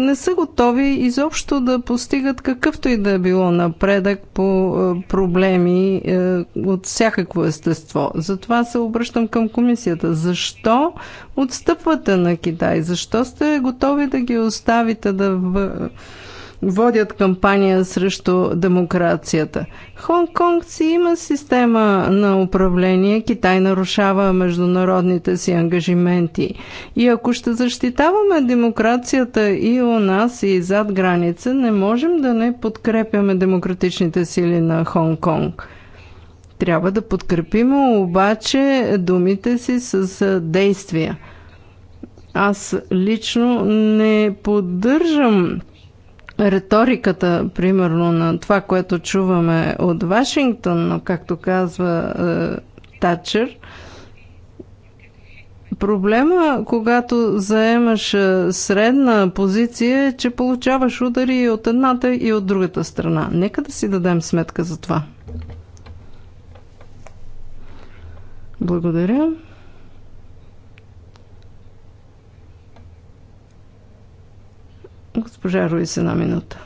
не са готови изобщо да постигат какъвто и да е било напредък по е, проблеми е, от всякакво естество. Затова се обръщам към комисията. Защо отстъпвате на Китай? Защо сте готови да ги оставите да водят кампания срещу демокрацията. Хонг-Конг си има система на управление, Китай нарушава международните си ангажименти. И ако ще защитаваме демокрацията и у нас, и зад граница, не можем да не подкрепяме демократичните сили на Хонг-Конг. Трябва да подкрепим обаче думите си с действия. Аз лично не поддържам риториката, примерно, на това, което чуваме от Вашингтон, но както казва е, Тачер, проблема, когато заемаш е, средна позиция, е, че получаваш удари и от едната, и от другата страна. Нека да си дадем сметка за това. Благодаря. Госпожа Руис, една минута.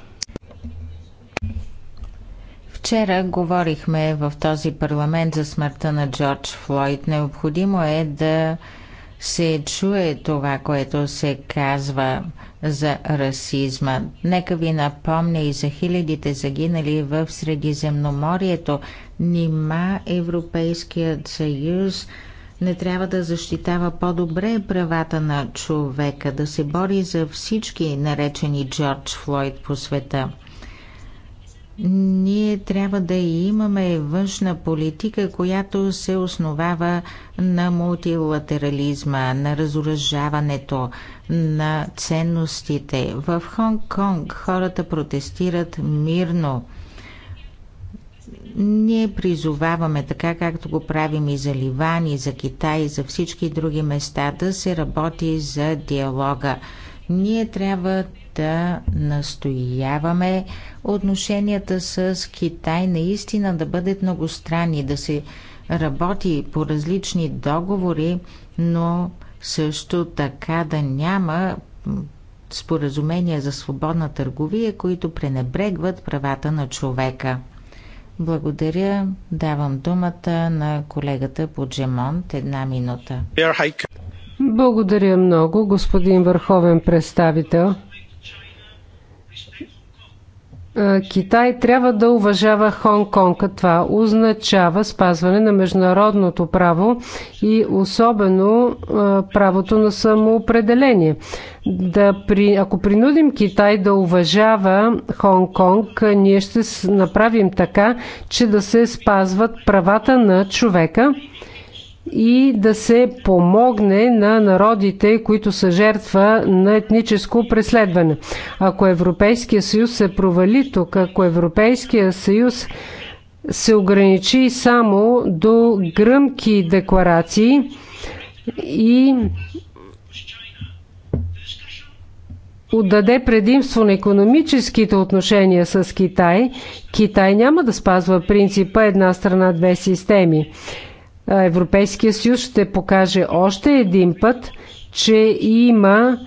Вчера говорихме в този парламент за смъртта на Джордж Флойд. Необходимо е да се чуе това, което се казва за расизма. Нека ви напомня и за хилядите загинали в Средиземноморието. Нима Европейският съюз не трябва да защитава по-добре правата на човека, да се бори за всички наречени Джордж Флойд по света. Ние трябва да имаме външна политика, която се основава на мултилатерализма, на разоръжаването, на ценностите. В Хонг-Конг хората протестират мирно – ние призоваваме, така както го правим и за Ливан, и за Китай, и за всички други места, да се работи за диалога. Ние трябва да настояваме отношенията с Китай наистина да бъдат многостранни, да се работи по различни договори, но също така да няма споразумения за свободна търговия, които пренебрегват правата на човека. Благодаря. Давам думата на колегата по Джемонт. Една минута. Благодаря много, господин върховен представител. Е, Китай трябва да уважава Хонг-Конг. Това означава спазване на международното право и особено е, правото на самоопределение. Да при... Ако принудим Китай да уважава Хонг-Конг, ние ще направим така, че да се спазват правата на човека и да се помогне на народите, които са жертва на етническо преследване. Ако Европейския съюз се провали тук, ако Европейския съюз се ограничи само до гръмки декларации и отдаде предимство на економическите отношения с Китай, Китай няма да спазва принципа една страна, две системи. Европейския съюз ще покаже още един път, че има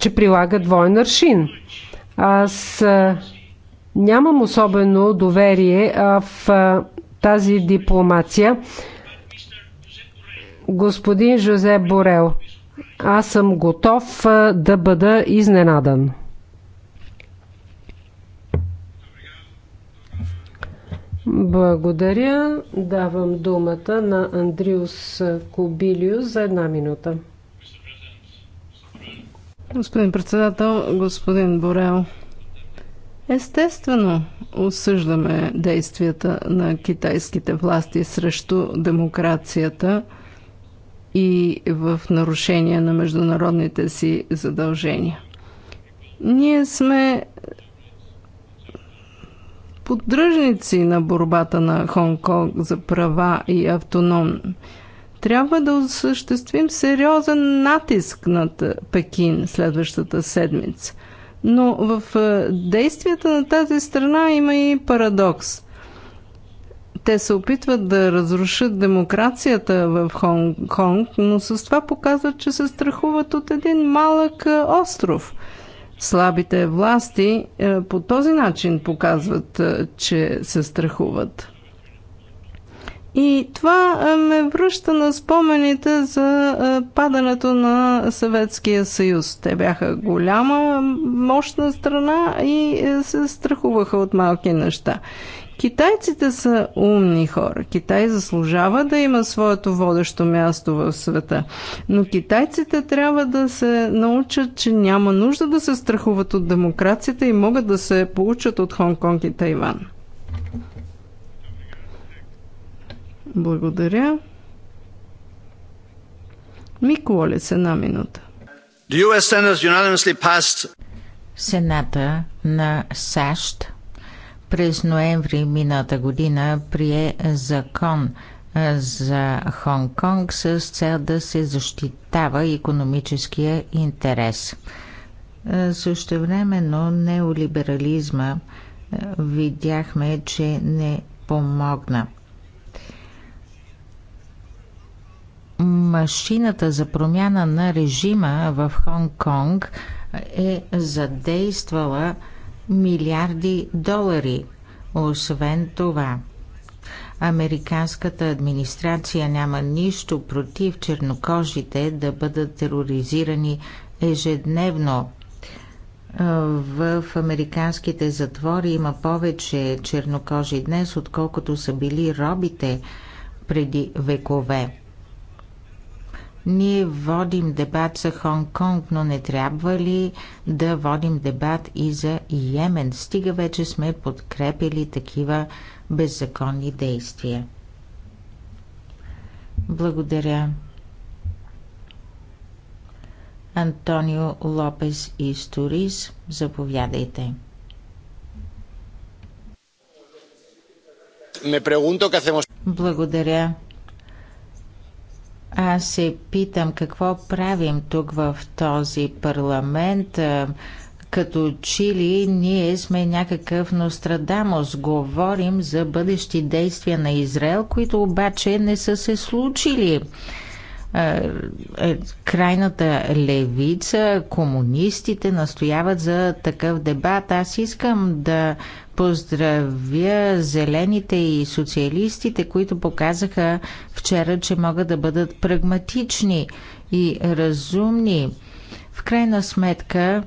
че прилага двоен аршин. Аз нямам особено доверие в тази дипломация. Господин Жозе Борел, аз съм готов да бъда изненадан. Благодаря. Давам думата на Андриус Кобилио за една минута. Господин председател, господин Борел, естествено осъждаме действията на китайските власти срещу демокрацията и в нарушение на международните си задължения. Ние сме поддръжници на борбата на Хонг Конг за права и автоном. Трябва да осъществим сериозен натиск над Пекин следващата седмица. Но в е, действията на тази страна има и парадокс. Те се опитват да разрушат демокрацията в Хонг Конг, но с това показват, че се страхуват от един малък е, остров – слабите власти е, по този начин показват, е, че се страхуват. И това е, ме връща на спомените за падането на Съветския съюз. Те бяха голяма, мощна страна и се страхуваха от малки неща. Китайците са умни хора. Китай заслужава да има своето водещо място в света. Но китайците трябва да се научат, че няма нужда да се страхуват от демокрацията и могат да се получат от Хонконг и Тайван. Благодаря. Мик Уолес, една минута. Сената на САЩ през ноември мината година прие закон за Хонг-Конг с цел да се защитава економическия интерес. Също времено неолиберализма видяхме, че не помогна. Машината за промяна на режима в Хонг-Конг е задействала милиарди долари. Освен това, Американската администрация няма нищо против чернокожите да бъдат тероризирани ежедневно. В американските затвори има повече чернокожи днес, отколкото са били робите преди векове. Ние водим дебат за Хонг-Конг, но не трябва ли да водим дебат и за Йемен? Стига вече сме подкрепили такива беззаконни действия. Благодаря. Антонио Лопес и Сторис, заповядайте. Благодаря. Аз се питам какво правим тук в този парламент. Е, като чили ние сме някакъв Нострадамос. Говорим за бъдещи действия на Израел, които обаче не са се случили. Е, е, крайната левица, комунистите настояват за такъв дебат. Аз искам да поздравя зелените и социалистите, които показаха вчера, че могат да бъдат прагматични и разумни. В крайна сметка,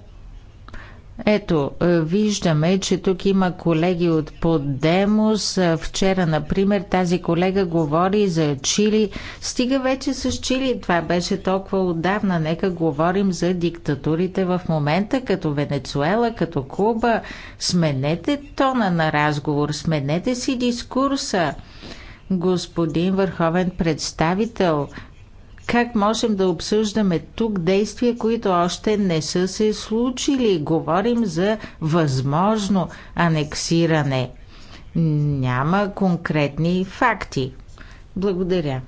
ето, е, виждаме, че тук има колеги от Подемос. Е, вчера, например, тази колега говори за Чили. Стига вече с Чили. Това беше толкова отдавна. Нека говорим за диктатурите в момента, като Венецуела, като Куба. Сменете тона на разговор, сменете си дискурса. Господин върховен представител, как можем да обсъждаме тук действия, които още не са се случили? Говорим за възможно анексиране. Няма конкретни факти. Благодаря.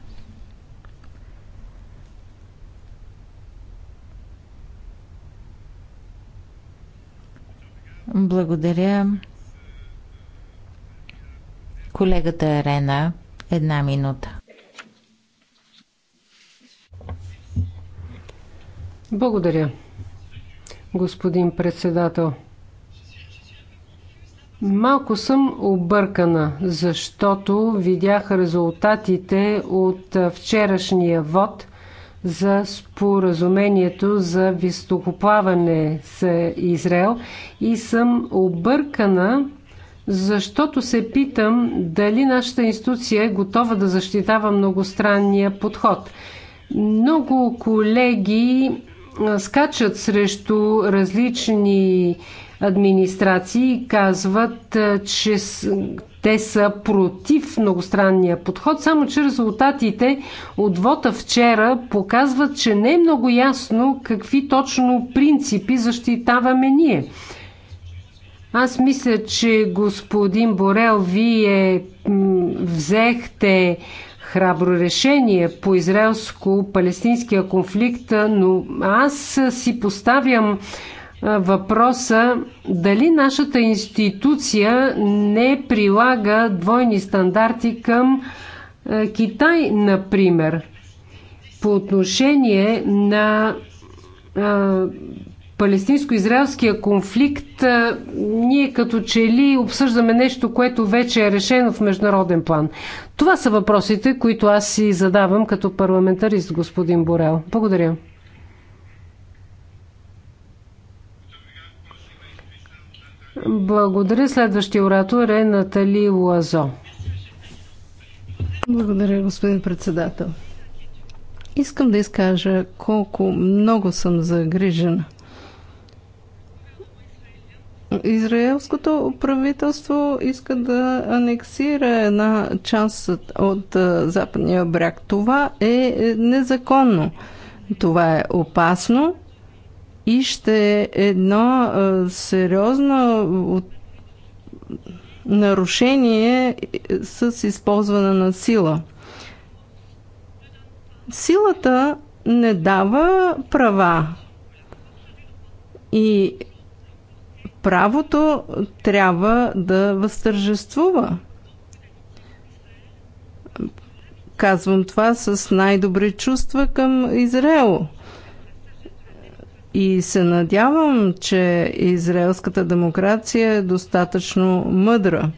Благодаря. Колегата Арена, една минута. Благодаря, господин председател. Малко съм объркана, защото видях резултатите от вчерашния вод за споразумението за високоплаване с Израел и съм объркана, защото се питам дали нашата институция е готова да защитава многостранния подход. Много колеги скачат срещу различни администрации и казват, че те са против многостранния подход, само че резултатите от вота вчера показват, че не е много ясно какви точно принципи защитаваме ние. Аз мисля, че господин Борел, вие взехте храбро решение по израелско-палестинския конфликт, но аз си поставям въпроса дали нашата институция не прилага двойни стандарти към Китай, например, по отношение на палестинско-израелския конфликт ние като че ли обсъждаме нещо, което вече е решено в международен план? Това са въпросите, които аз си задавам като парламентарист, господин Борел. Благодаря. Благодаря. Следващия оратор е Натали Луазо. Благодаря, господин председател. Искам да изкажа колко много съм загрижена – Израелското правителство иска да анексира една част от западния бряг. Това е незаконно. Това е опасно и ще е едно сериозно нарушение е, с използване на сила. Силата не дава права и правото трябва да възтържествува. Казвам това с най-добри чувства към Израел. И се надявам, че израелската демокрация е достатъчно мъдра.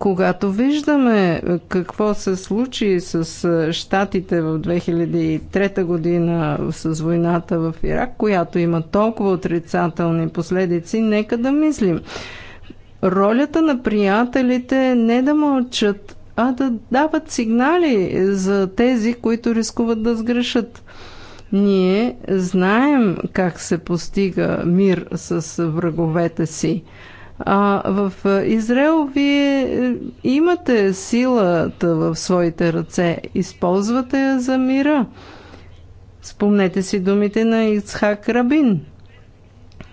Когато виждаме е, какво се случи с е, щатите в 2003 година с войната в Ирак, която има толкова отрицателни последици, нека да мислим. Ролята на приятелите е не да мълчат, а да дават сигнали за тези, които рискуват да сгрешат. Ние знаем как се постига мир с враговете си. А в Израел вие имате силата в своите ръце, използвате я за мира. Спомнете си думите на Ицхак Рабин.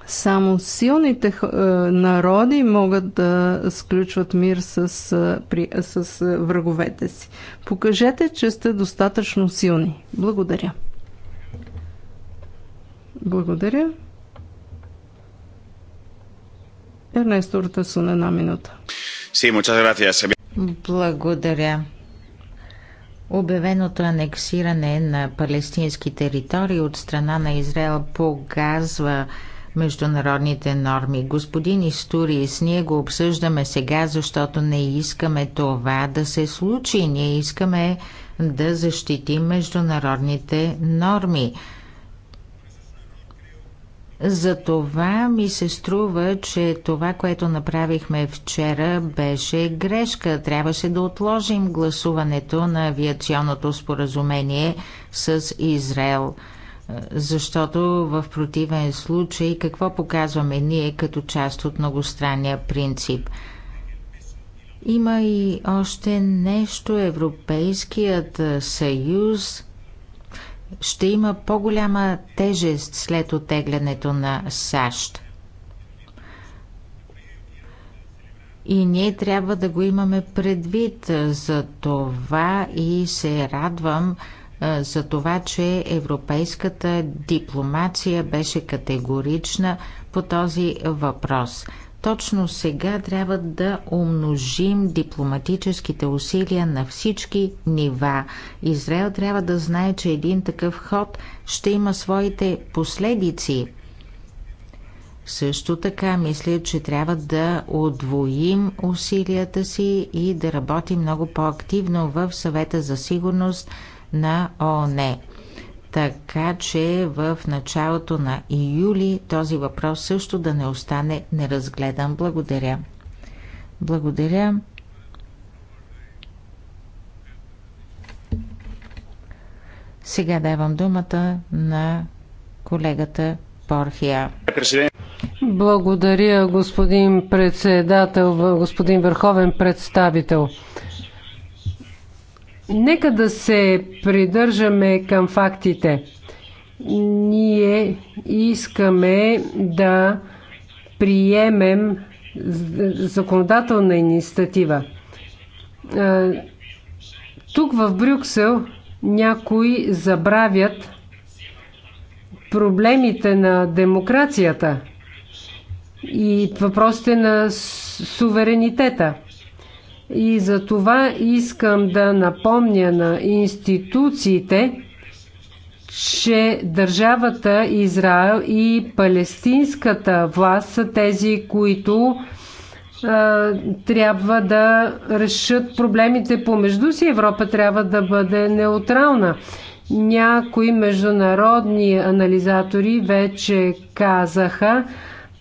Само силните е, народи могат да сключват мир с, е, при, с е, враговете си. Покажете, че сте достатъчно силни. Благодаря. Благодаря. Ернесто Уртасун, една минута. Благодаря. Обявеното анексиране на палестински територии от страна на Израел погазва международните норми. Господин Историс, ние го обсъждаме сега, защото не искаме това да се случи. Ние искаме да защитим международните норми. Затова ми се струва, че това, което направихме вчера, беше грешка. Трябваше да отложим гласуването на авиационното споразумение с Израел. Защото в противен случай какво показваме ние като част от многостранния принцип? Има и още нещо. Европейският съюз ще има по-голяма тежест след отеглянето на САЩ. И ние трябва да го имаме предвид. За това и се радвам за това, че европейската дипломация беше категорична по този въпрос. Точно сега трябва да умножим дипломатическите усилия на всички нива. Израел трябва да знае, че един такъв ход ще има своите последици. Също така мисля, че трябва да отвоим усилията си и да работим много по-активно в съвета за сигурност на ООН така че в началото на июли този въпрос също да не остане неразгледан. Благодаря. Благодаря. Сега давам думата на колегата Порхия. Благодаря, господин председател, господин върховен представител. Нека да се придържаме към фактите. Ние искаме да приемем законодателна инициатива. Тук в Брюксел някои забравят проблемите на демокрацията и въпросите на суверенитета – и за това искам да напомня на институциите, че държавата Израел и палестинската власт са тези, които а, трябва да решат проблемите помежду си. Европа трябва да бъде неутрална. Някои международни анализатори вече казаха,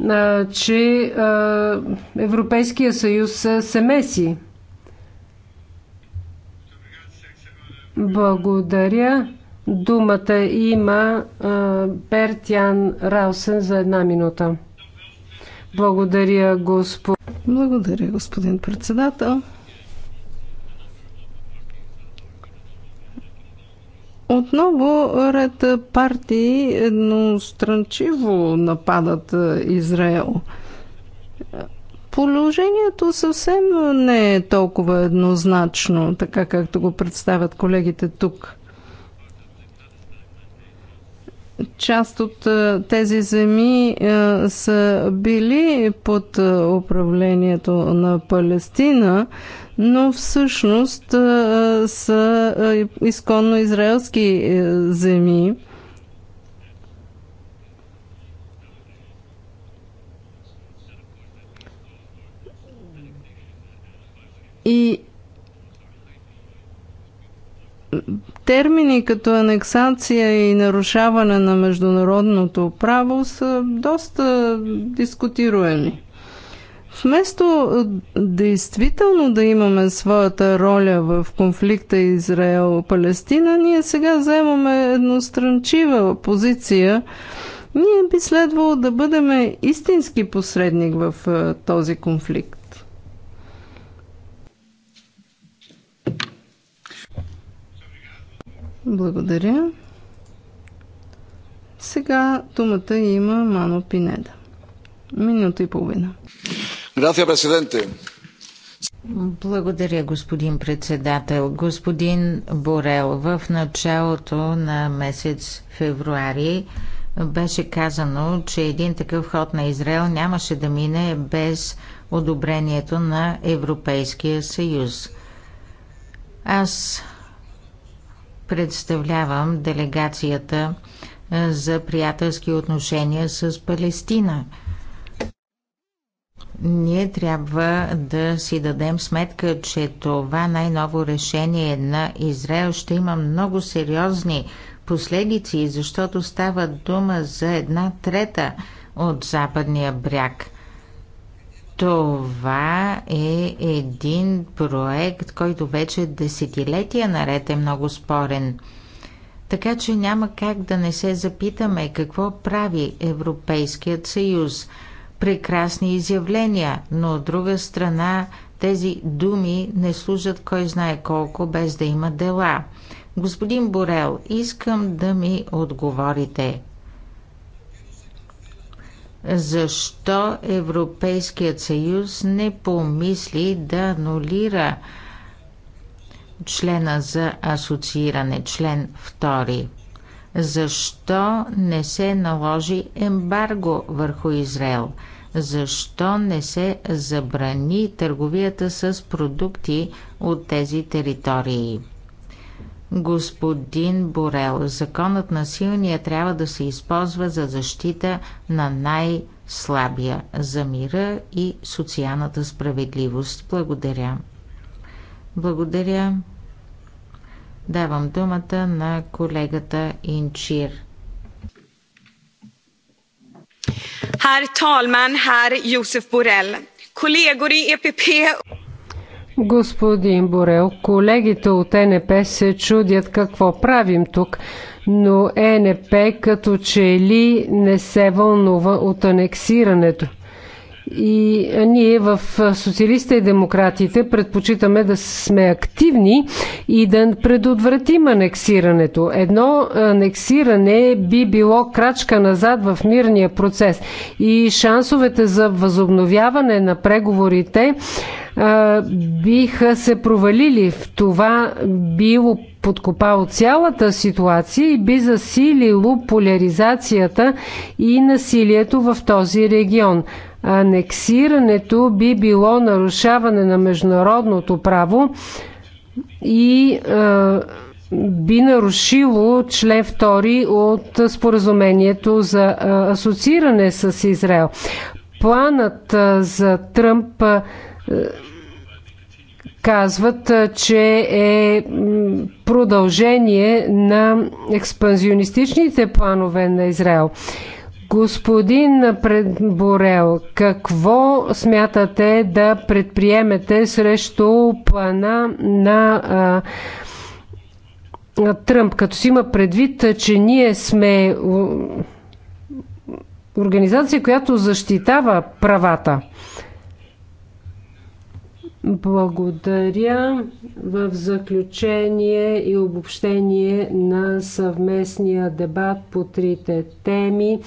а, че а, Европейския съюз се меси. Благодаря. Думата има Бертян Раусен за една минута. Благодаря, господ... Благодаря, господин председател. Отново ред партии едностранчиво нападат Израел – Положението съвсем не е толкова еднозначно, така както го представят колегите тук. Част от е, тези земи е, са били под е, управлението на Палестина, но всъщност са изконно израелски земи И термини като анексация и нарушаване на международното право са доста дискутируеми. Вместо е, действително да имаме своята роля в конфликта Израел-Палестина, ние сега вземаме едностранчива позиция. Ние би следвало да бъдем истински посредник в е, този конфликт. Благодаря. Сега думата има Мано Пинеда. Минута и половина. Грация, президенте. Благодаря, господин председател. Господин Борел, в началото на месец февруари беше казано, че един такъв ход на Израел нямаше да мине без одобрението на Европейския съюз. Аз Представлявам делегацията за приятелски отношения с Палестина. Ние трябва да си дадем сметка, че това най-ново решение на Израел ще има много сериозни последици, защото става дума за една трета от западния бряг – това е един проект, който вече десетилетия наред е много спорен. Така че няма как да не се запитаме какво прави Европейският съюз. Прекрасни изявления, но от друга страна тези думи не служат кой знае колко без да има дела. Господин Борел, искам да ми отговорите. Защо Европейският съюз не помисли да анулира члена за асоцииране, член 2? Защо не се наложи ембарго върху Израел? Защо не се забрани търговията с продукти от тези територии? Господин Борел, законът на силния трябва да се използва за защита на най-слабия, за мира и социалната справедливост. Благодаря. Благодаря. Давам думата на колегата Инчир. Herr talman, herr Josef Борел, колегори ЕПП... Господин Борел, колегите от НП се чудят какво правим тук, но НП като че ли не се вълнува от анексирането. И ние в Социалиста и демократите предпочитаме да сме активни и да предотвратим анексирането. Едно анексиране би било крачка назад в мирния процес и шансовете за възобновяване на преговорите биха се провалили. В това било подкопало цялата ситуация и би засилило поляризацията и насилието в този регион. Анексирането би било нарушаване на международното право и би нарушило член 2 от споразумението за асоцииране с Израел. Планът за Тръмп казват, че е продължение на експанзионистичните планове на Израел. Господин Борел, какво смятате да предприемете срещу плана на а, на Тръмп, като си има предвид, че ние сме организация, която защитава правата? Благодаря. В заключение и обобщение на съвместния дебат по трите теми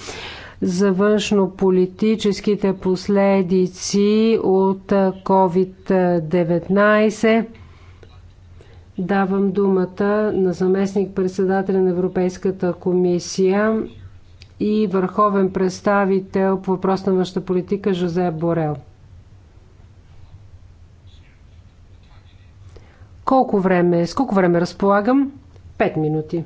за външно-политическите последици от COVID-19. Давам думата на заместник председателя на Европейската комисия и върховен представител по въпрос на външна политика Жозеп Борел. Колко време, с колко време разполагам? 5 минути.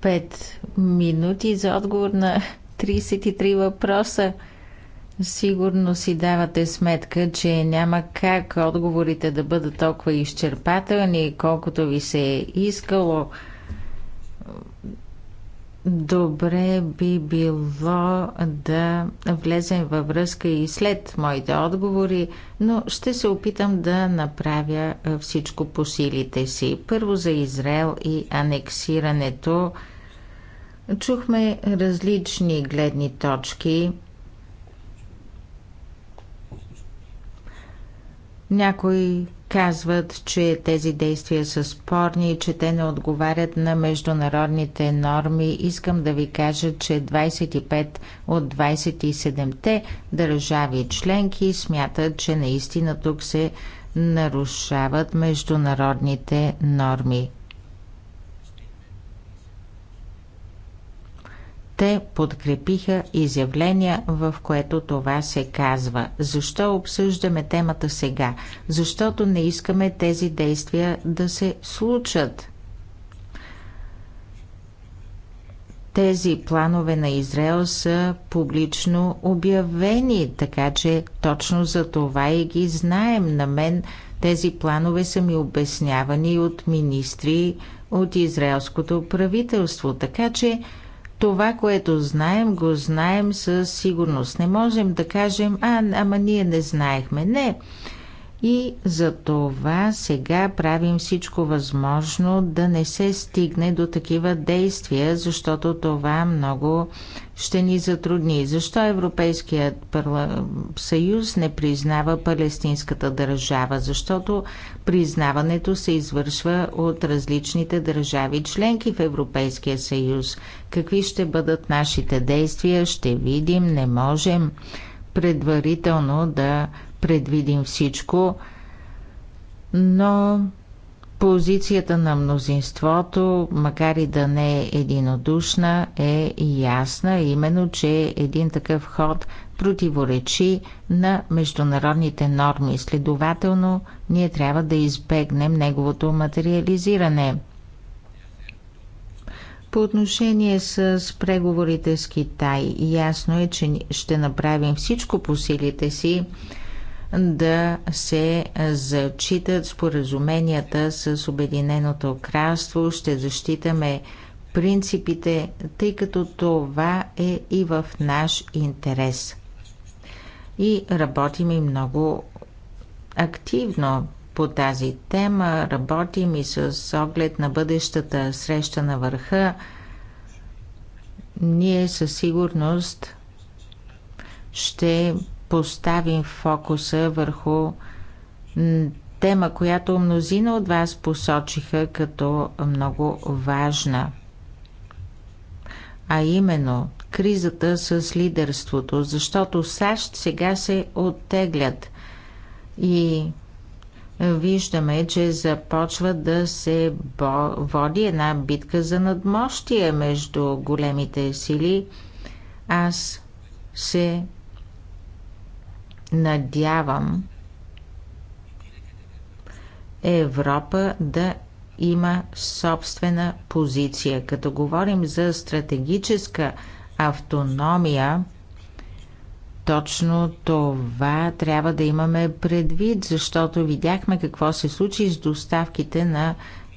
Пет минути за отговор на 33 въпроса. Сигурно си давате сметка, че няма как отговорите да бъдат толкова изчерпателни, колкото ви се е искало. Добре би било да влезем във връзка и след моите отговори, но ще се опитам да направя всичко по силите си. Първо за Израел и анексирането. Чухме различни гледни точки – Някои казват, че тези действия са спорни и че те не отговарят на международните норми. Искам да ви кажа, че 25 от 27-те държави членки смятат, че наистина тук се нарушават международните норми. те подкрепиха изявления, в което това се казва. Защо обсъждаме темата сега? Защото не искаме тези действия да се случат. Тези планове на Израел са публично обявени, така че точно за това и ги знаем. На мен тези планове са ми обяснявани от министри от израелското правителство, така че това, което знаем, го знаем със сигурност. Не можем да кажем, а, ама ние не знаехме. Не, и за това сега правим всичко възможно да не се стигне до такива действия, защото това много ще ни затрудни. Защо Европейският съюз не признава палестинската държава? Защото признаването се извършва от различните държави членки в Европейския съюз. Какви ще бъдат нашите действия, ще видим, не можем предварително да предвидим всичко, но позицията на мнозинството, макар и да не е единодушна, е ясна, именно, че един такъв ход противоречи на международните норми. Следователно, ние трябва да избегнем неговото материализиране. По отношение с преговорите с Китай, ясно е, че ще направим всичко по силите си, да се зачитат споразуменията с Обединеното кралство. Ще защитаме принципите, тъй като това е и в наш интерес. И работим и много активно по тази тема. Работим и с оглед на бъдещата среща на върха. Ние със сигурност ще поставим фокуса върху тема, която мнозина от вас посочиха като много важна, а именно кризата с лидерството, защото САЩ сега се оттеглят и виждаме, че започва да се води една битка за надмощие между големите сили. Аз се надявам Европа да има собствена позиция. Като говорим за стратегическа автономия, точно това трябва да имаме предвид, защото видяхме какво се случи с доставките на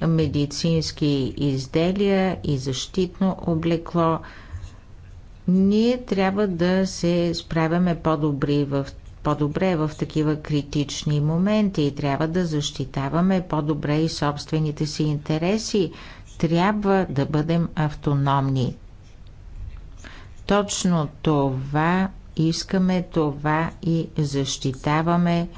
медицински изделия и защитно облекло. Ние трябва да се справяме по-добри в по-добре в такива критични моменти и трябва да защитаваме по-добре и собствените си интереси. Трябва да бъдем автономни. Точно това искаме, това и защитаваме.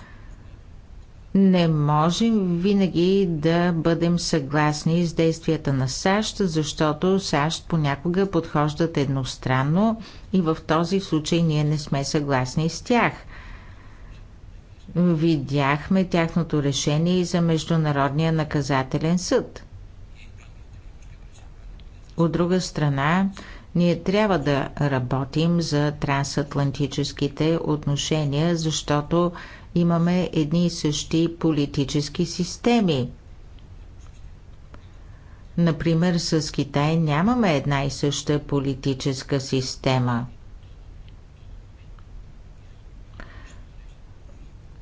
Не можем винаги да бъдем съгласни с действията на САЩ, защото САЩ понякога подхождат едностранно и в този случай ние не сме съгласни с тях видяхме тяхното решение и за Международния наказателен съд. От друга страна, ние трябва да работим за трансатлантическите отношения, защото имаме едни и същи политически системи. Например, с Китай нямаме една и съща политическа система –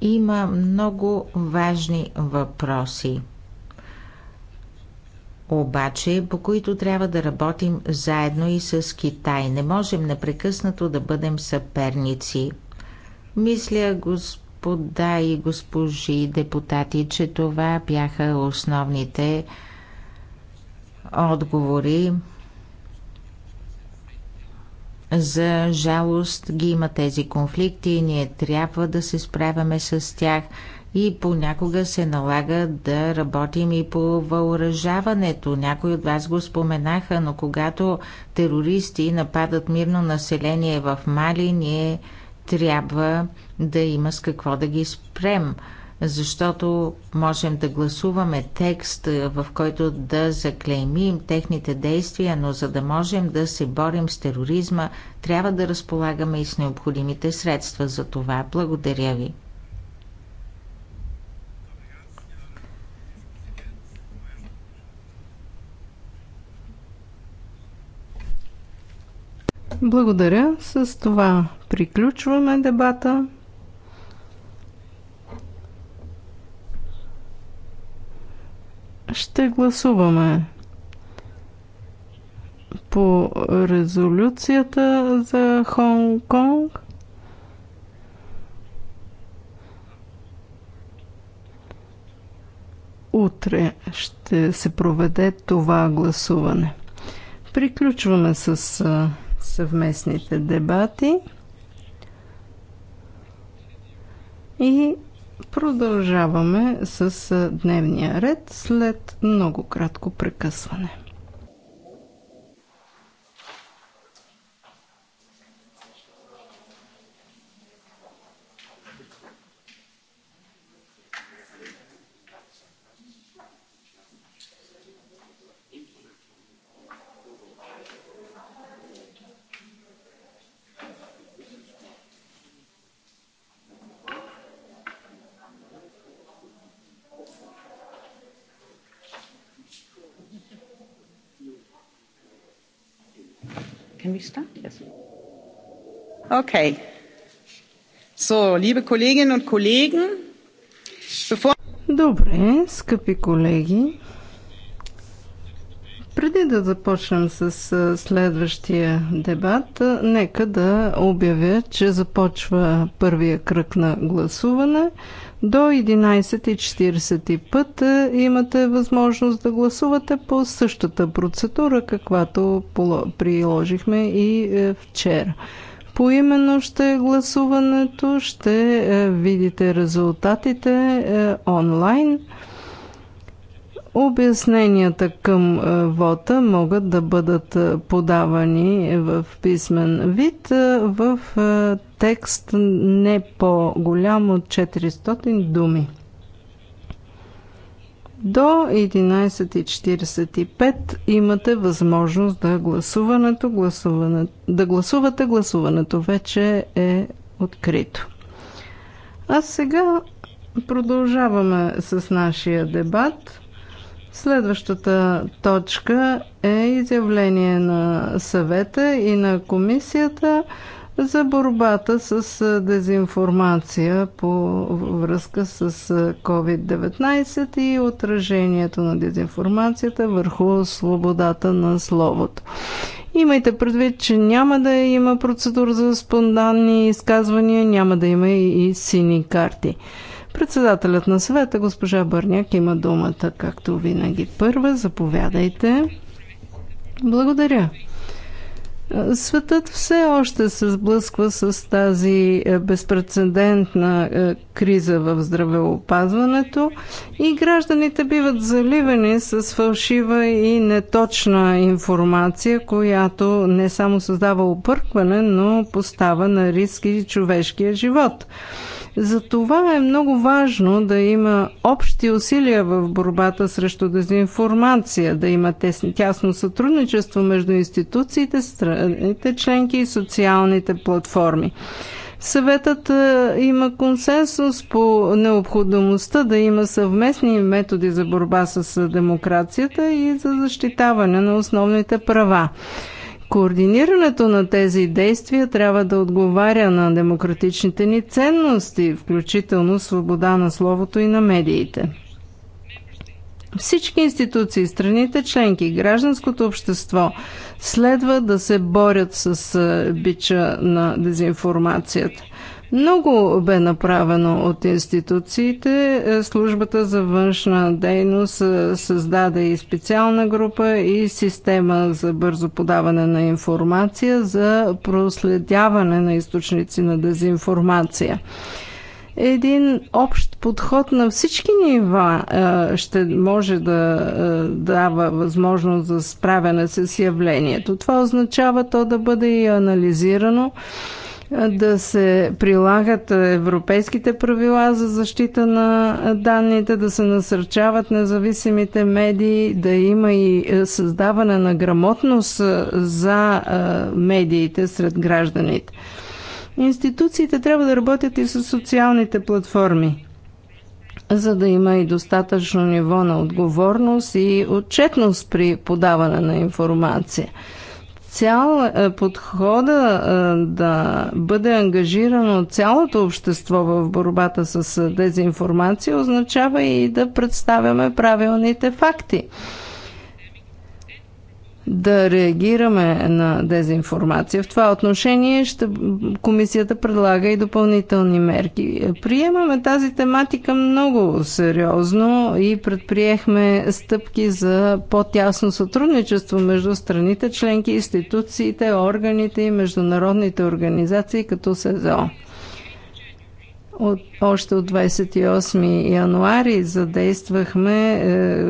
Има много важни въпроси, обаче по които трябва да работим заедно и с Китай. Не можем непрекъснато да бъдем съперници. Мисля, господа и госпожи депутати, че това бяха основните отговори за жалост ги има тези конфликти и ние трябва да се справяме с тях и понякога се налага да работим и по въоръжаването. Някои от вас го споменаха, но когато терористи нападат мирно население в Мали, ние трябва да има с какво да ги спрем – защото можем да гласуваме текст, е, в който да заклеймим техните действия, но за да можем да се борим с тероризма, трябва да разполагаме и с необходимите средства за това. Благодаря ви. Благодаря. С това приключваме дебата. Ще гласуваме по резолюцията за Хонг Конг. Утре ще се проведе това гласуване. Приключваме с съвместните дебати и Продължаваме с дневния ред след много кратко прекъсване. we start? Yes. Okay. So, liebe Kolleginnen und Kollegen, bevor... Добре, скъпи колеги, да започнем с следващия дебат, нека да обявя, че започва първия кръг на гласуване. До 11.45 имате възможност да гласувате по същата процедура, каквато приложихме и е, вчера. именно ще е гласуването, ще е, видите резултатите е, онлайн. Обясненията към е, вота могат да бъдат е, подавани в писмен вид е, в текст не по-голям от 400 думи. До 11.45 имате възможност да, гласуването, гласуване, да гласувате. Гласуването вече е открито. А сега продължаваме с нашия дебат. Следващата точка е изявление на съвета и на комисията за борбата с дезинформация по връзка с COVID-19 и отражението на дезинформацията върху свободата на словото. Имайте предвид, че няма да има процедура за спонтанни изказвания, няма да има и сини карти. Председателят на съвета, госпожа Бърняк, има думата, както винаги. Първа, заповядайте. Благодаря. Светът все още се сблъсква с тази е, безпредседентна е, криза в здравеопазването и гражданите биват заливани с фалшива и неточна информация, която не само създава объркване, но поставя на риски човешкия живот. Затова е много важно да има общи усилия в борбата срещу дезинформация, да има тясно сътрудничество между институциите, страните членки и социалните платформи. Съветът е, има консенсус по необходимостта да има съвместни методи за борба с е, демокрацията и за защитаване на основните права. Координирането на тези действия трябва да отговаря на демократичните ни ценности, включително свобода на словото и на медиите. Всички институции, страните членки, гражданското общество следва да се борят с бича на дезинформацията – много бе направено от институциите. Е, службата за външна дейност е, създаде и специална група и система за бързо подаване на информация за проследяване на източници на дезинформация един общ подход на всички нива е, ще може да дава възможност за справяне с явлението. Това означава то да бъде и анализирано да се прилагат европейските правила за защита на данните, да се насърчават независимите медии, да има и е, създаване на грамотност е, за е, медиите сред гражданите. Институциите трябва да работят и с социалните платформи, за да има и достатъчно ниво на отговорност и отчетност при подаване на информация – цял е, подхода е, да бъде ангажирано цялото общество в борбата с е, дезинформация означава и да представяме правилните факти да реагираме на дезинформация. В това отношение ще, комисията предлага и допълнителни мерки. Приемаме тази тематика много сериозно и предприехме стъпки за по-тясно сътрудничество между страните, членки, институциите, органите и международните организации като СЗО от, още от 28 януари задействахме е,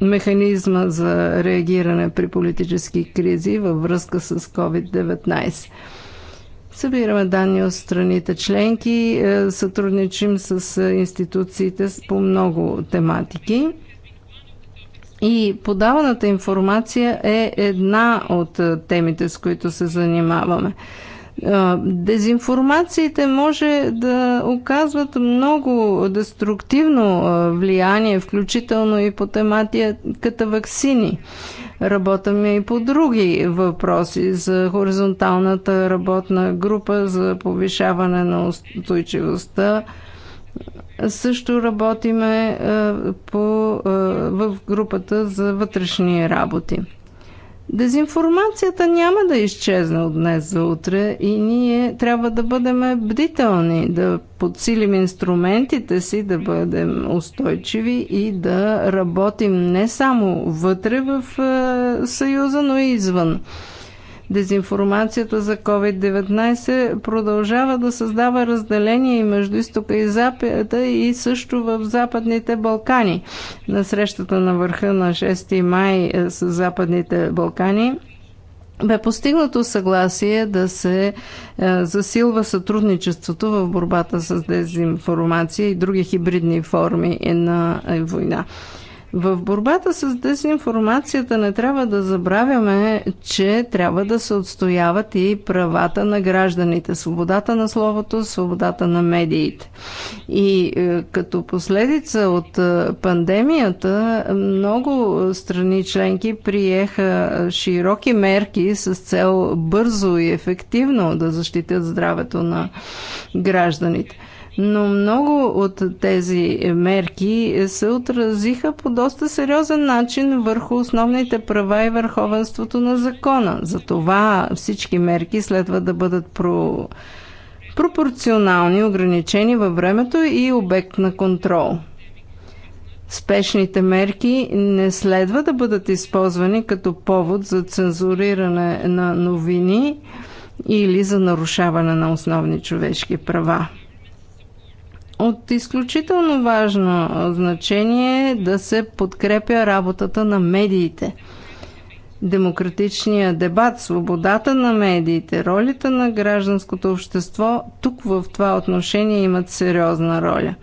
механизма за реагиране при политически кризи във връзка с COVID-19. Събираме данни от страните членки, е, сътрудничим с е, институциите по много тематики. И подаваната информация е една от е, темите, с които се занимаваме. Дезинформациите може да оказват много деструктивно влияние, включително и по тематиката вакцини. Работаме и по други въпроси за хоризонталната работна група за повишаване на устойчивостта. Също работиме по, в групата за вътрешни работи. Дезинформацията няма да изчезне от днес за утре и ние трябва да бъдем бдителни, да подсилим инструментите си, да бъдем устойчиви и да работим не само вътре в е, Съюза, но и извън. Дезинформацията за COVID-19 продължава да създава разделение и между изтока и запада и също в Западните Балкани. На срещата на върха на 6 май е, с Западните Балкани бе постигнато съгласие да се е, засилва сътрудничеството в борбата с дезинформация и други хибридни форми на е, война. В борбата с дезинформацията не трябва да забравяме, че трябва да се отстояват и правата на гражданите, свободата на словото, свободата на медиите. И е, като последица от е, пандемията, много страни членки приеха широки мерки с цел бързо и ефективно да защитят здравето на гражданите но много от тези мерки се отразиха по доста сериозен начин върху основните права и върховенството на закона. Затова всички мерки следва да бъдат про... пропорционални, ограничени във времето и обект на контрол. Спешните мерки не следва да бъдат използвани като повод за цензуриране на новини или за нарушаване на основни човешки права. От изключително важно значение е да се подкрепя работата на медиите. Демократичният дебат, свободата на медиите, ролята на гражданското общество тук в това отношение имат сериозна роля.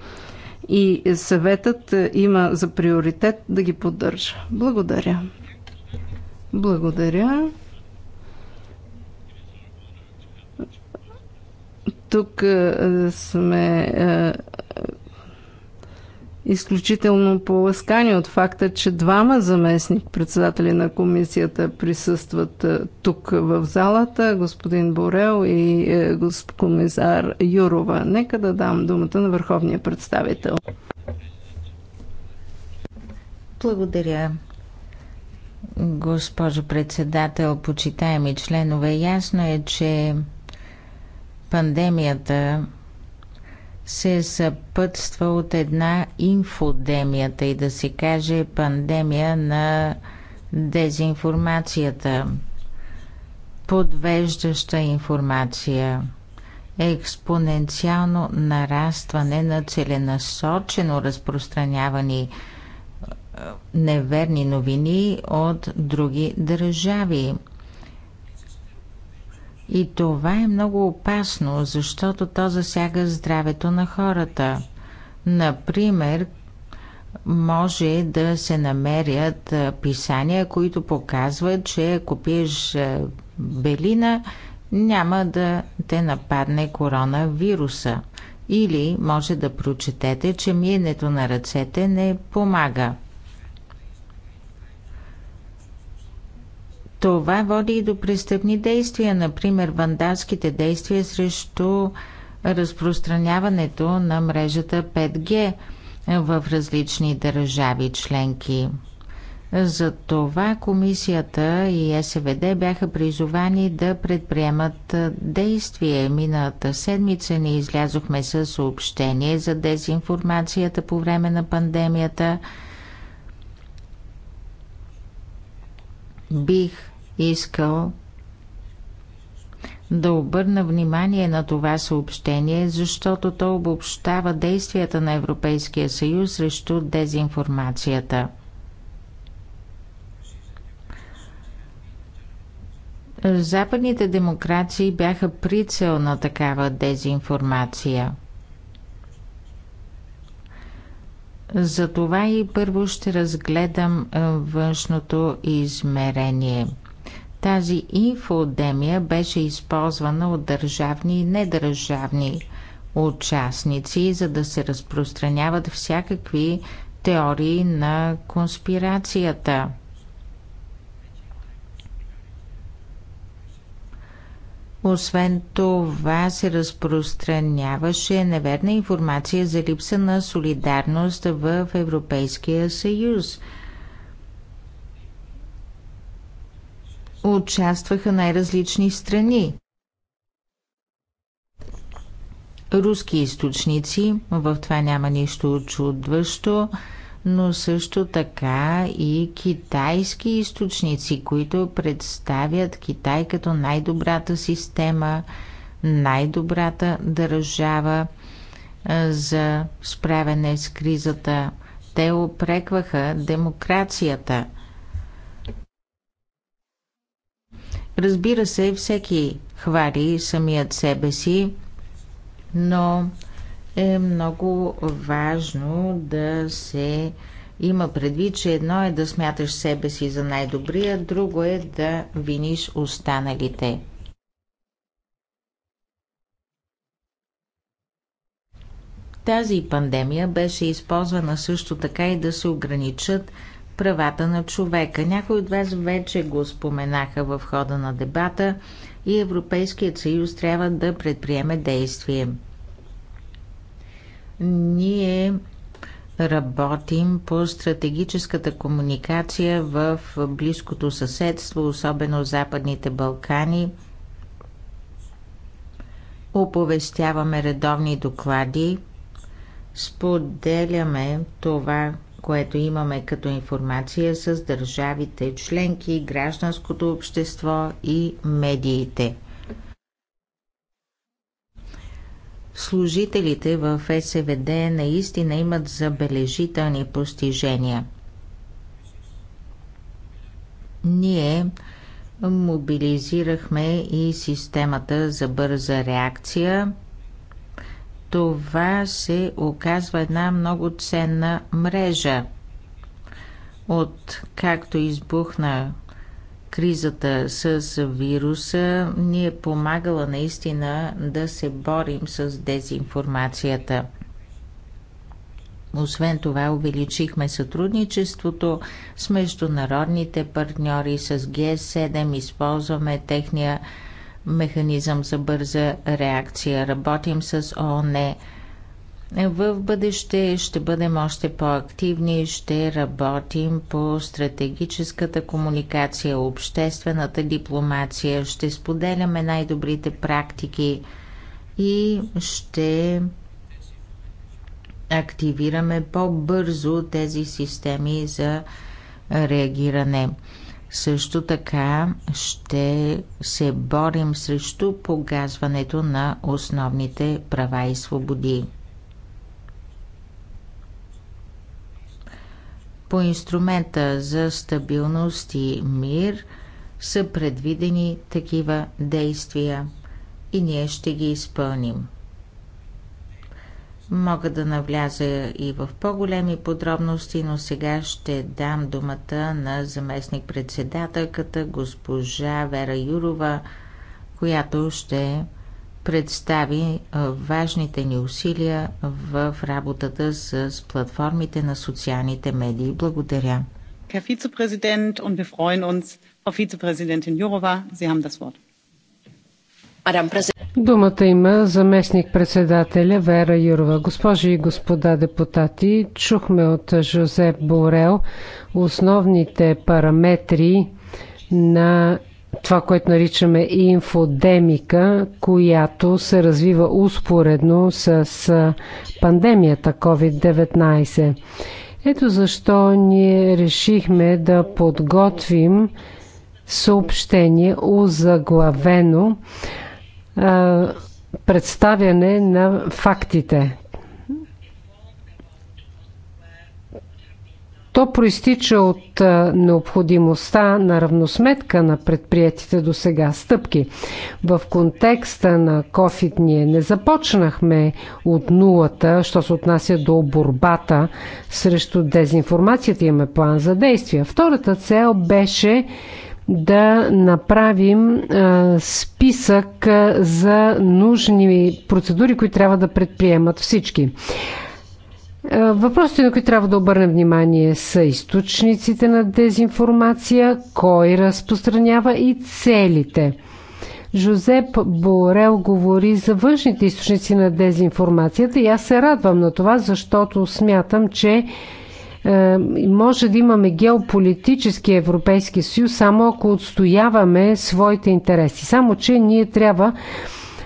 И съветът има за приоритет да ги поддържа. Благодаря. Благодаря. Тук е, е, сме е, изключително поласкани от факта, че двама заместник председатели на комисията присъстват тук в залата, господин Борел и господин комисар Юрова. Нека да дам думата на върховния представител. Благодаря. Госпожо председател, почитаеми членове, ясно е, че Пандемията се съпътства от една инфодемията, и да се каже пандемия на дезинформацията, подвеждаща информация, експоненциално нарастване на целенасочено разпространявани е, неверни новини от други държави. И това е много опасно, защото то засяга здравето на хората. Например, може да се намерят писания, които показват, че ако пиеш белина, няма да те нападне коронавируса. Или може да прочетете, че миенето на ръцете не помага. Това води и до престъпни действия, например вандалските действия срещу разпространяването на мрежата 5G в различни държави членки. За това комисията и СВД бяха призовани да предприемат действие. Миналата седмица ни излязохме със съобщение за дезинформацията по време на пандемията. Бих искал да обърна внимание на това съобщение, защото то обобщава действията на Европейския съюз срещу дезинформацията. Западните демокрации бяха прицел на такава дезинформация. Затова и първо ще разгледам външното измерение – тази инфодемия беше използвана от държавни и недържавни участници, за да се разпространяват всякакви теории на конспирацията. Освен това се разпространяваше неверна информация за липса на солидарност в Европейския съюз – участваха най-различни страни. Руски източници, в това няма нищо очудващо, но също така и китайски източници, които представят Китай като най-добрата система, най-добрата държава за справяне с кризата. Те опрекваха демокрацията – Разбира се, всеки хвали самият себе си, но е много важно да се има предвид, че едно е да смяташ себе си за най-добрия, друго е да виниш останалите. Тази пандемия беше използвана също така и да се ограничат правата на човека. Някои от вас вече го споменаха в хода на дебата и Европейският съюз трябва да предприеме действие. Ние работим по стратегическата комуникация в близкото съседство, особено в Западните Балкани. Оповестяваме редовни доклади, споделяме това, което имаме като информация с държавите членки, гражданското общество и медиите. Служителите в СВД наистина имат забележителни постижения. Ние мобилизирахме и системата за бърза реакция това се оказва една много ценна мрежа. От както избухна кризата с вируса, ни е помагала наистина да се борим с дезинформацията. Освен това, увеличихме сътрудничеството с международните партньори, с G7, използваме техния механизъм за бърза реакция. Работим с ООН. В бъдеще ще бъдем още по-активни, ще работим по стратегическата комуникация, обществената дипломация, ще споделяме най-добрите практики и ще активираме по-бързо тези системи за реагиране. Също така ще се борим срещу погазването на основните права и свободи. По инструмента за стабилност и мир са предвидени такива действия и ние ще ги изпълним. Мога да навляза и в по-големи подробности, но сега ще дам думата на заместник-председателката госпожа Вера Юрова, която ще представи важните ни усилия в работата с платформите на социалните медии. Благодаря. Herr Vizepräsident, und wir freuen uns. Frau Vizepräsidentin Sie haben das Wort. Думата има заместник председателя Вера Юрова. Госпожи и господа депутати, чухме от Жозеп Борел основните параметри на това, което наричаме инфодемика, която се развива успоредно с пандемията COVID-19. Ето защо ние решихме да подготвим съобщение озаглавено представяне на фактите. То проистича от необходимостта на равносметка на предприятите до сега стъпки. В контекста на COVID ние не започнахме от нулата, що се отнася до борбата срещу дезинформацията. Имаме план за действия. Втората цел беше да направим списък за нужни процедури, които трябва да предприемат всички. Въпросите, на които трябва да обърнем внимание, са източниците на дезинформация, кой разпространява и целите. Жозеп Борел говори за външните източници на дезинформацията и аз се радвам на това, защото смятам, че е, може да имаме геополитически Европейски съюз, само ако отстояваме своите интереси. Само, че ние трябва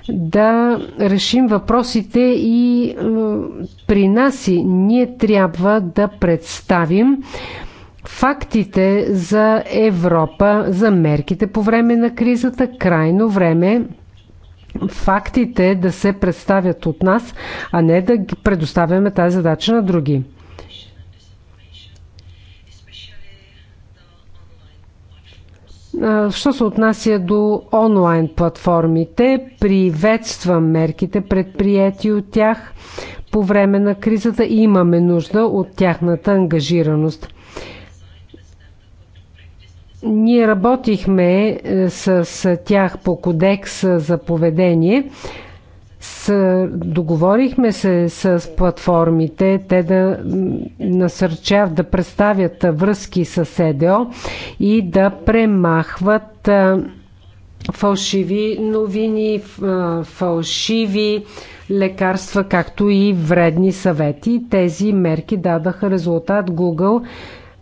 да решим въпросите и е, при нас и ние трябва да представим фактите за Европа, за мерките по време на кризата, крайно време фактите да се представят от нас, а не да предоставяме тази задача на други. Що се отнася до онлайн платформите, приветствам мерките предприяти от тях по време на кризата и имаме нужда от тяхната ангажираност. Ние работихме е, с тях по кодекс за поведение, с. договорихме се с платформите, те да насърчават да представят връзки с СДО и да премахват фалшиви новини, фалшиви лекарства, както и вредни съвети. Тези мерки дадаха резултат. Google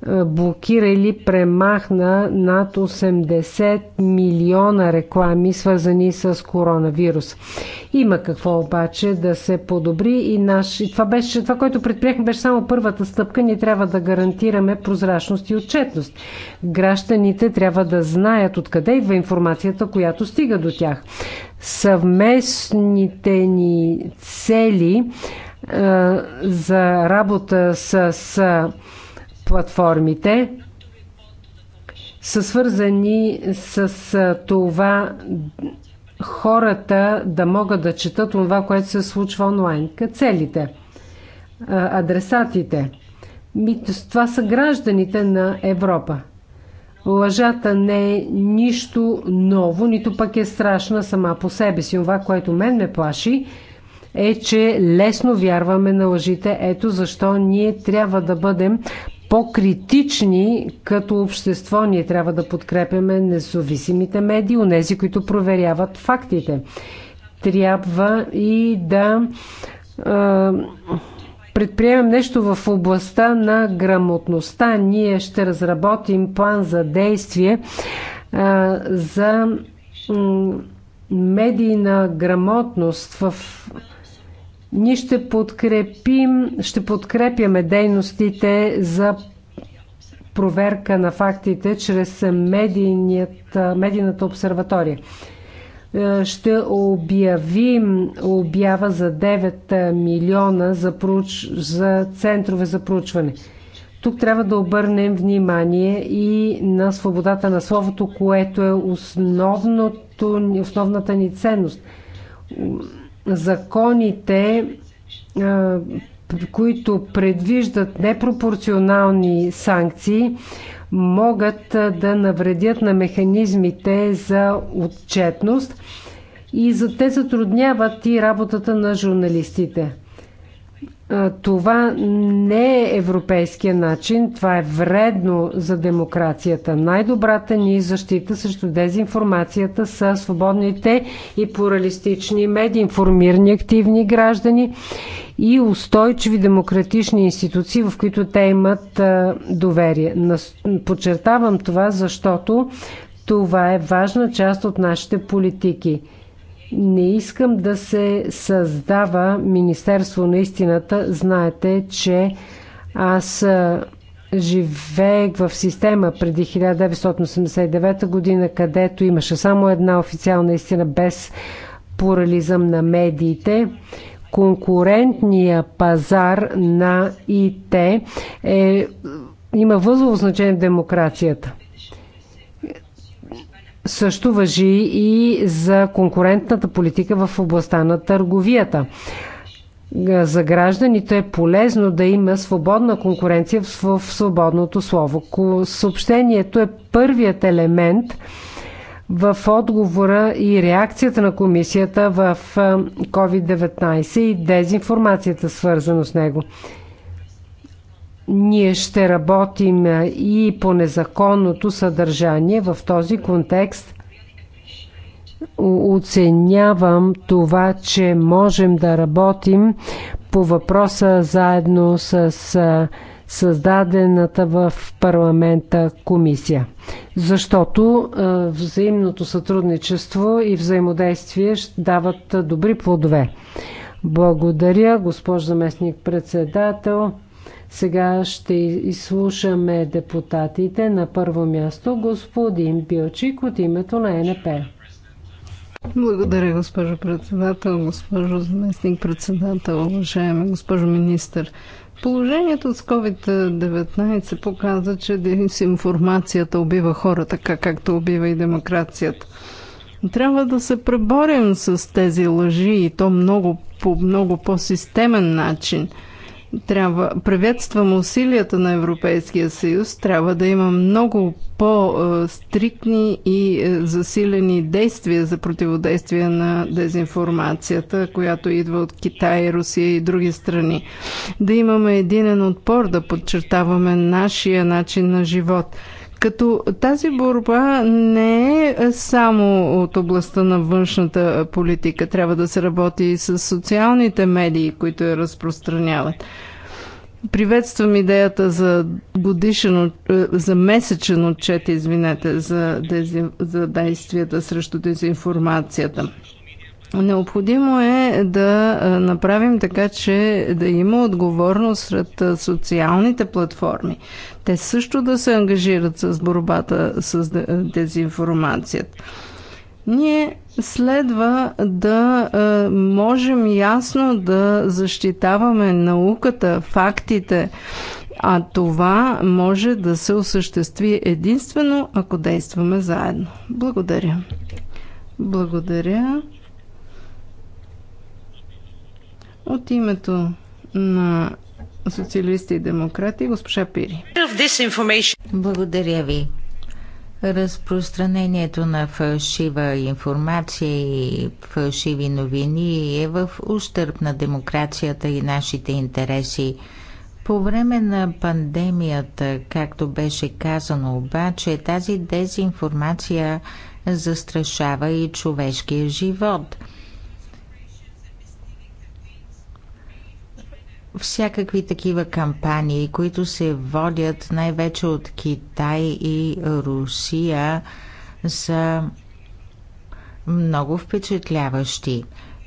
е, блокира или премахна над 80 милиона реклами, свързани с коронавирус. Има какво обаче да се подобри и, наш... и това, беше, това, което предприехме, беше само първата стъпка. Ние трябва да гарантираме прозрачност и отчетност. Гражданите трябва да знаят откъде идва информацията, която стига до тях. Съвместните ни цели е, за работа с, с платформите са свързани с това хората да могат да четат това, което се случва онлайн. Целите, адресатите. Това са гражданите на Европа. Лъжата не е нищо ново, нито пък е страшна сама по себе си. Това, което мен ме плаши, е, че лесно вярваме на лъжите. Ето защо ние трябва да бъдем по-критични като общество. Ние трябва да подкрепяме независимите медии, онези, които проверяват фактите. Трябва и да предприемем нещо в областта на грамотността. Ние ще разработим план за действие а, за медийна грамотност в ние ще подкрепим, ще подкрепяме дейностите за проверка на фактите чрез медийната обсерватория. Е, ще обявим обява за 9 милиона за, проуч... за центрове за проучване. Тук трябва да обърнем внимание и на свободата на словото, което е основното, основната ни ценност законите, които предвиждат непропорционални санкции, могат да навредят на механизмите за отчетност и за те затрудняват и работата на журналистите. Това не е европейския начин, това е вредно за демокрацията. Най-добрата ни защита срещу дезинформацията са свободните и плуралистични медии, информирани активни граждани и устойчиви демократични институции, в които те имат доверие. Подчертавам това, защото това е важна част от нашите политики. Не искам да се създава Министерство на истината. Знаете, че аз живеех в система преди 1989 година, където имаше само една официална истина без плурализъм на медиите. Конкурентния пазар на ИТ е, има възло значение в демокрацията. Също въжи и за конкурентната политика в областта на търговията. За гражданите е полезно да има свободна конкуренция в свободното слово. Съобщението е първият елемент в отговора и реакцията на комисията в COVID-19 и дезинформацията свързано с него. Ние ще работим е, и по незаконното съдържание в този контекст. Оценявам това, че можем да работим по въпроса заедно с е, създадената в парламента комисия. Защото е, взаимното сътрудничество и взаимодействие дават добри плодове. Благодаря, госпожо заместник председател. Сега ще изслушаме депутатите. На първо място господин Билчик от името на НП. Благодаря, госпожо председател, госпожо заместник председател, уважаема госпожо министър. Положението с COVID-19 показа, че дезинформацията убива хората, така както убива и демокрацията. Трябва да се преборим с тези лъжи и то много, по много по-системен начин – трябва, приветствам усилията на Европейския съюз, трябва да има много по-стриктни и е, засилени действия за противодействие на дезинформацията, която идва от Китай, Русия и други страни. Да имаме единен отпор, да подчертаваме нашия начин на живот – като тази борба не е само от областта на външната политика, трябва да се работи и с социалните медии, които я разпространяват. Приветствам идеята за годишен, е, за месечен отчет, извинете, за, дези, за действията срещу дезинформацията. Необходимо е да направим така, че да има отговорност сред социалните платформи. Те също да се ангажират с борбата с дезинформацията. Ние следва да можем ясно да защитаваме науката, фактите, а това може да се осъществи единствено, ако действаме заедно. Благодаря. Благодаря. От името на социалисти и демократи, госпожа Пири. Благодаря ви. Разпространението на фалшива информация и фалшиви новини е в ущърп на демокрацията и нашите интереси. По време на пандемията, както беше казано обаче, тази дезинформация застрашава и човешкия живот – всякакви такива кампании, които се водят най-вече от Китай и Русия, са много впечатляващи.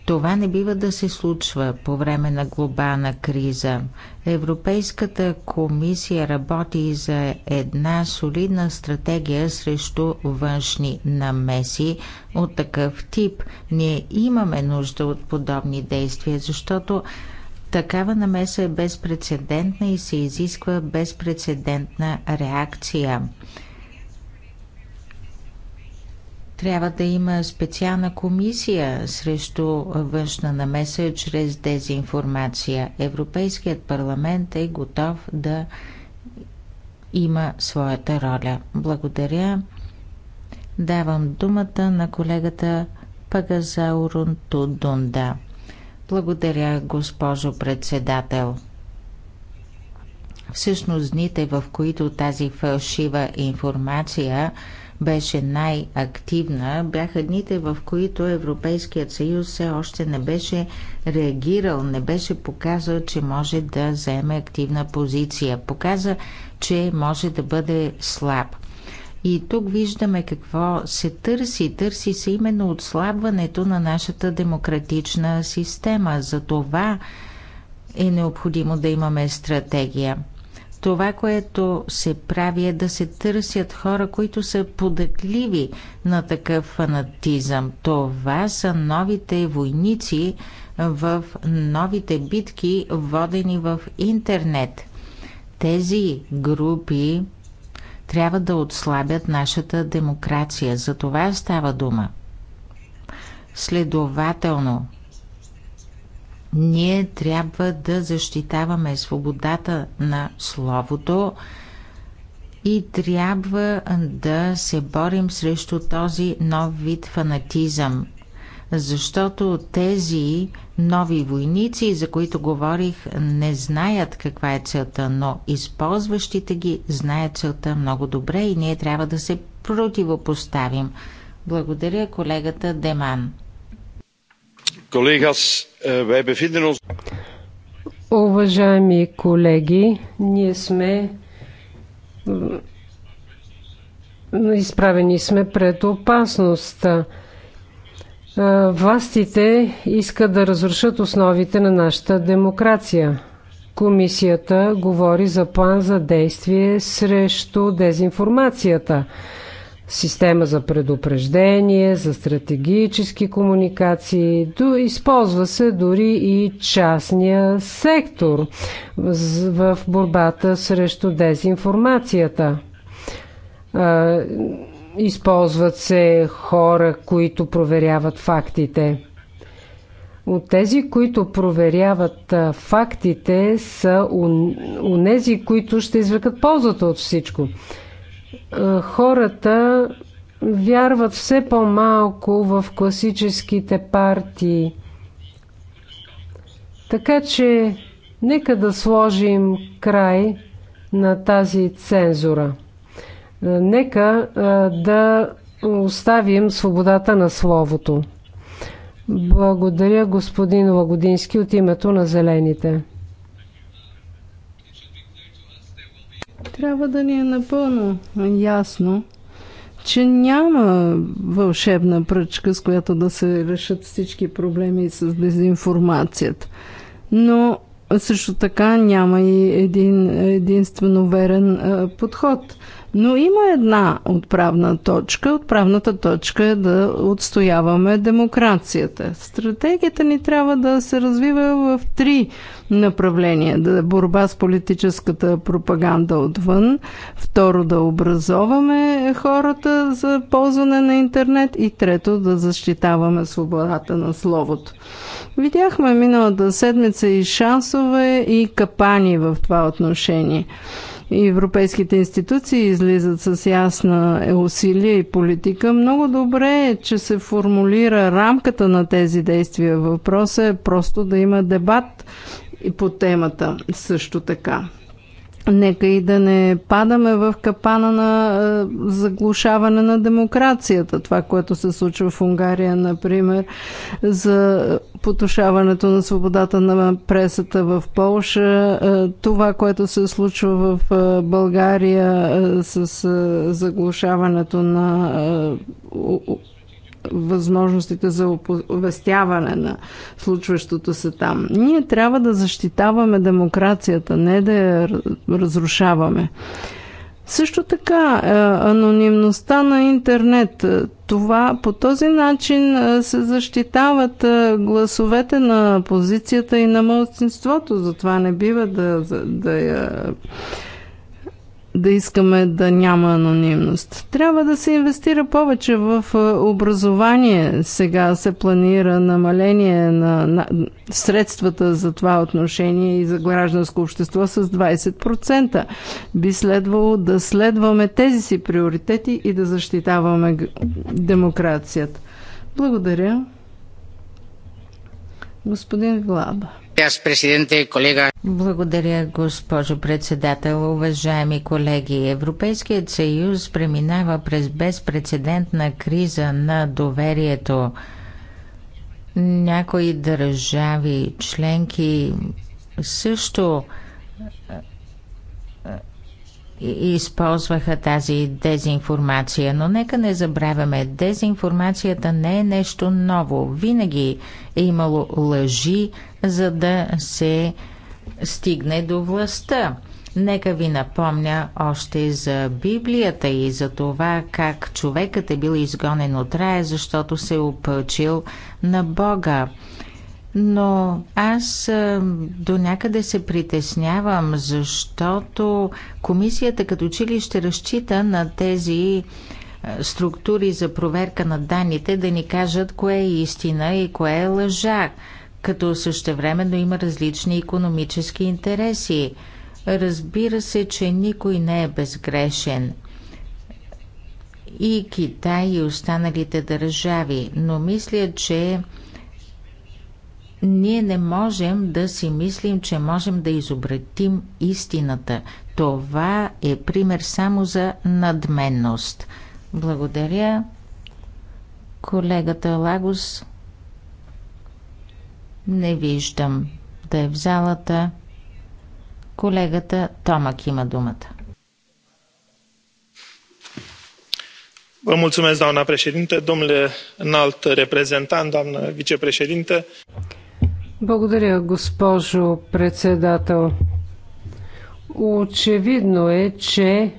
Това не бива да се случва по време на глобална криза. Европейската комисия работи за една солидна стратегия срещу външни намеси от такъв тип. Ние имаме нужда от подобни действия, защото Такава намеса е безпредседентна и се изисква безпредседентна реакция. Трябва да има специална комисия срещу външна намеса чрез дезинформация. Европейският парламент е готов да има своята роля. Благодаря. Давам думата на колегата Пагазаурун Тудунда. Благодаря, госпожо председател. Всъщност дните, в които тази фалшива информация беше най-активна, бяха дните, в които Европейският съюз все още не беше реагирал, не беше показал, че може да заеме активна позиция. Показа, че може да бъде слаб. И тук виждаме какво се търси. Търси се именно отслабването на нашата демократична система. За това е необходимо да имаме стратегия. Това, което се прави е да се търсят хора, които са податливи на такъв фанатизъм. Това са новите войници в новите битки, водени в интернет. Тези групи трябва да отслабят нашата демокрация. За това става дума. Следователно, ние трябва да защитаваме свободата на словото и трябва да се борим срещу този нов вид фанатизъм, защото тези нови войници, за които говорих, не знаят каква е целта, но използващите ги знаят целта много добре и ние трябва да се противопоставим. Благодаря колегата Деман. Колегас, wij bevinden ons... Уважаеми колеги, ние сме изправени сме пред опасността. Властите искат да разрушат основите на нашата демокрация. Комисията говори за план за действие срещу дезинформацията. Система за предупреждение, за стратегически комуникации. Използва се дори и частния сектор в борбата срещу дезинформацията Използват се хора, които проверяват фактите. От тези, които проверяват фактите, са нези, които ще извлекат ползата от всичко. Хората вярват все по-малко в класическите партии. Така че нека да сложим край на тази цензура. Е, нека е, да оставим свободата на словото. Благодаря господин Лагодински от името на Зелените. Трябва да ни е напълно ясно, че няма вълшебна пръчка, с която да се решат всички проблеми с дезинформацията. Но също така няма и един единствено верен е, подход. Но има една отправна точка. Отправната точка е да отстояваме демокрацията. Стратегията ни трябва да се развива в три направления. Да е борба с политическата пропаганда отвън, второ да образоваме хората за ползване на интернет и трето да защитаваме свободата на словото. Видяхме миналата седмица и шансове и капани в това отношение и европейските институции излизат с ясна усилия и политика. Много добре е, че се формулира рамката на тези действия. Въпросът е просто да има дебат и по темата също така. Нека и да не падаме в капана на заглушаване на демокрацията. Това, което се случва в Унгария, например, за потушаването на свободата на пресата в Полша, това, което се случва в България с заглушаването на възможностите за оповестяване на случващото се там. Ние трябва да защитаваме демокрацията, не да я разрушаваме. Също така, е, анонимността на интернет. Е, това по този начин е, се защитават гласовете на позицията и на мълцинството. Затова не бива да, да я да искаме да няма анонимност. Трябва да се инвестира повече в е, образование. Сега се планира намаление на, на средствата за това отношение и за гражданско общество с 20%. Би следвало да следваме тези си приоритети и да защитаваме демокрацията. Благодаря. Господин Глаба, благодаря, госпожо председател. Уважаеми колеги, Европейският съюз преминава през безпредседентна криза на доверието. Някои държави членки също използваха тази дезинформация. Но нека не забравяме, дезинформацията не е нещо ново. Винаги е имало лъжи, за да се стигне до властта. Нека ви напомня още за Библията и за това как човекът е бил изгонен от рая, защото се е опълчил на Бога но аз до някъде се притеснявам, защото комисията като училище разчита на тези структури за проверка на данните да ни кажат кое е истина и кое е лъжа, като същевременно има различни економически интереси. Разбира се, че никой не е безгрешен и Китай и останалите държави, но мисля, че ние не можем да си мислим, че можем да изобретим истината. Това е пример само за надменност. Благодаря колегата Лагос. Не виждам да е в залата. Колегата Томак има думата. Vă mulțumesc, doamna președinte, domnule înalt reprezentant, doamnă vicepreședinte. Благодаря, госпожо председател. Очевидно е, че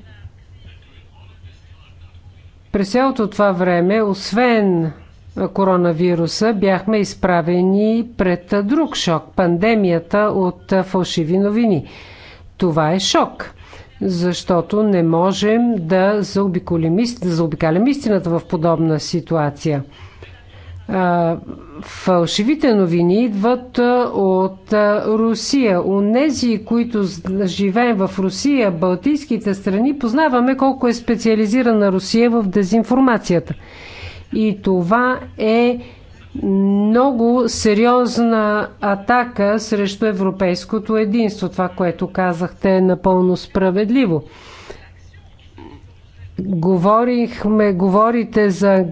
през цялото това време, освен коронавируса, бяхме изправени пред друг шок пандемията от фалшиви новини. Това е шок, защото не можем да заобикалим истината в подобна ситуация фалшивите новини идват от Русия. Унези, които живеем в Русия, Балтийските страни, познаваме колко е специализирана Русия в дезинформацията. И това е много сериозна атака срещу европейското единство. Това, което казахте, е напълно справедливо. Говорихме, говорите за